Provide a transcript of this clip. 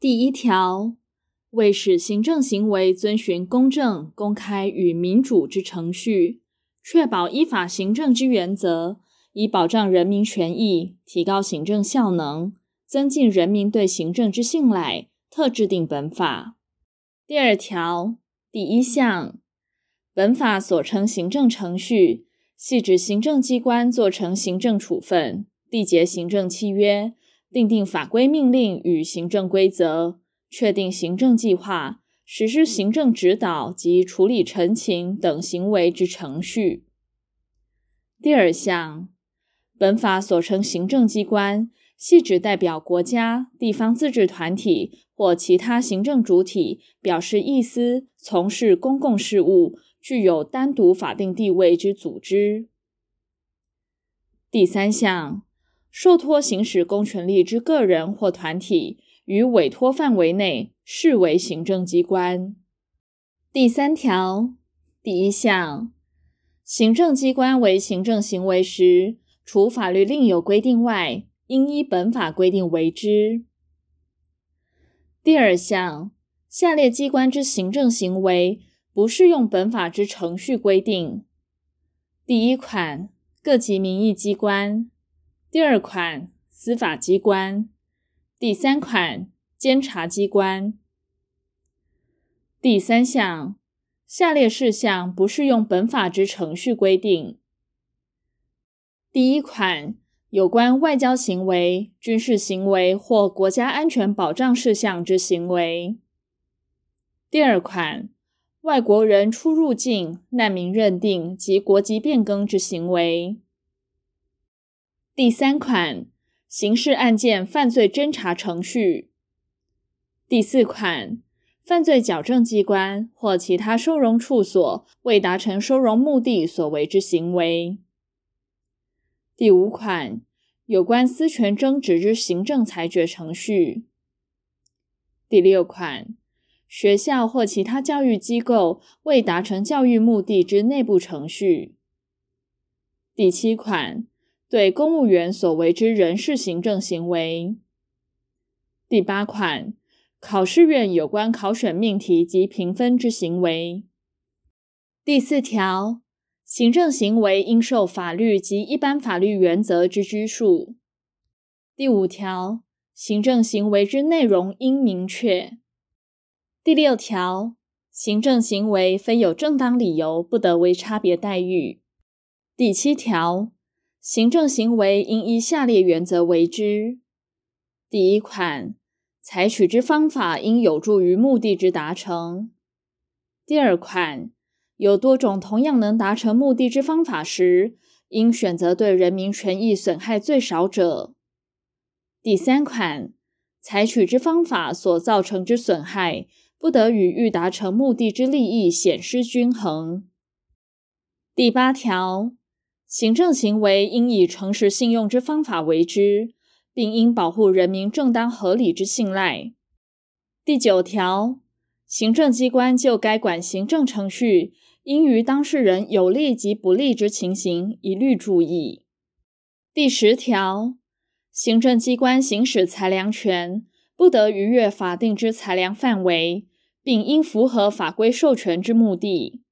第一條，為使行政行為遵循公正、公開與民主之程序，確保依法行政之原則，以保障人民權益，提高行政效能，增進人民對行政之信賴，特制定本法。第二條，第一項，本法所稱行政程序，係指行政機關作成行政處分、締結行政契約。訂定法規、命令與行政規則，確定行政計劃、實施行政指導及處理陳情等行為之程序。第二項，本法所稱行政機關，係指代表國家、地方自治團體或其他行政主體表示意思、從事公共事務、具有單獨法定地位之組織。第三項。受託行使公權力之個人或團體，於委托範圍內視為行政機關。第三條第一項，行政機關為行政行為時，除法律另有規定外，應依本法規定為之。第二項，下列機關之行政行為不適用本法之程序規定：第一款，各級民意機關。第二款，司法機關；第三款，監察機關。第三項，下列事項不適用本法之程序規定：第一款，有關外交行為、軍事行為或國家安全保障事項之行為；第二款，外國人出入境、難民認定及國籍變更之行為。第三款，刑事案件犯罪偵查程序；第四款，犯罪矯正機關或其他收容處所為達成收容目的所為之行為；第五款，有關私權爭執之行政裁決程序；第六款，學校或其他教育機構為達成教育目的之內部程序；第七款。對公務員所為之人事行政行為。第八款，考試院有關考選命題及評分之行為。第四條，行政行為應受法律及一般法律原則之拘束。第五條，行政行為之內容應明確。第六條，行政行為非有正當理由不得為差別待遇。第七條。行政行為應依下列原則為之：第一款，採取之方法應有助於目的之達成；第二款，有多種同樣能達成目的之方法時，應選擇對人民權益損害最少者；第三款，採取之方法所造成之損害，不得與欲達成目的之利益顯失均衡。第八條。行政行為應以誠實信用之方法為之，並應保護人民正當合理之信賴。第九條，行政機關就該管行政程序，應於當事人有利及不利之情形，一律注意。第十條，行政機關行使裁量權，不得逾越法定之裁量範圍，並應符合法規授權之目的。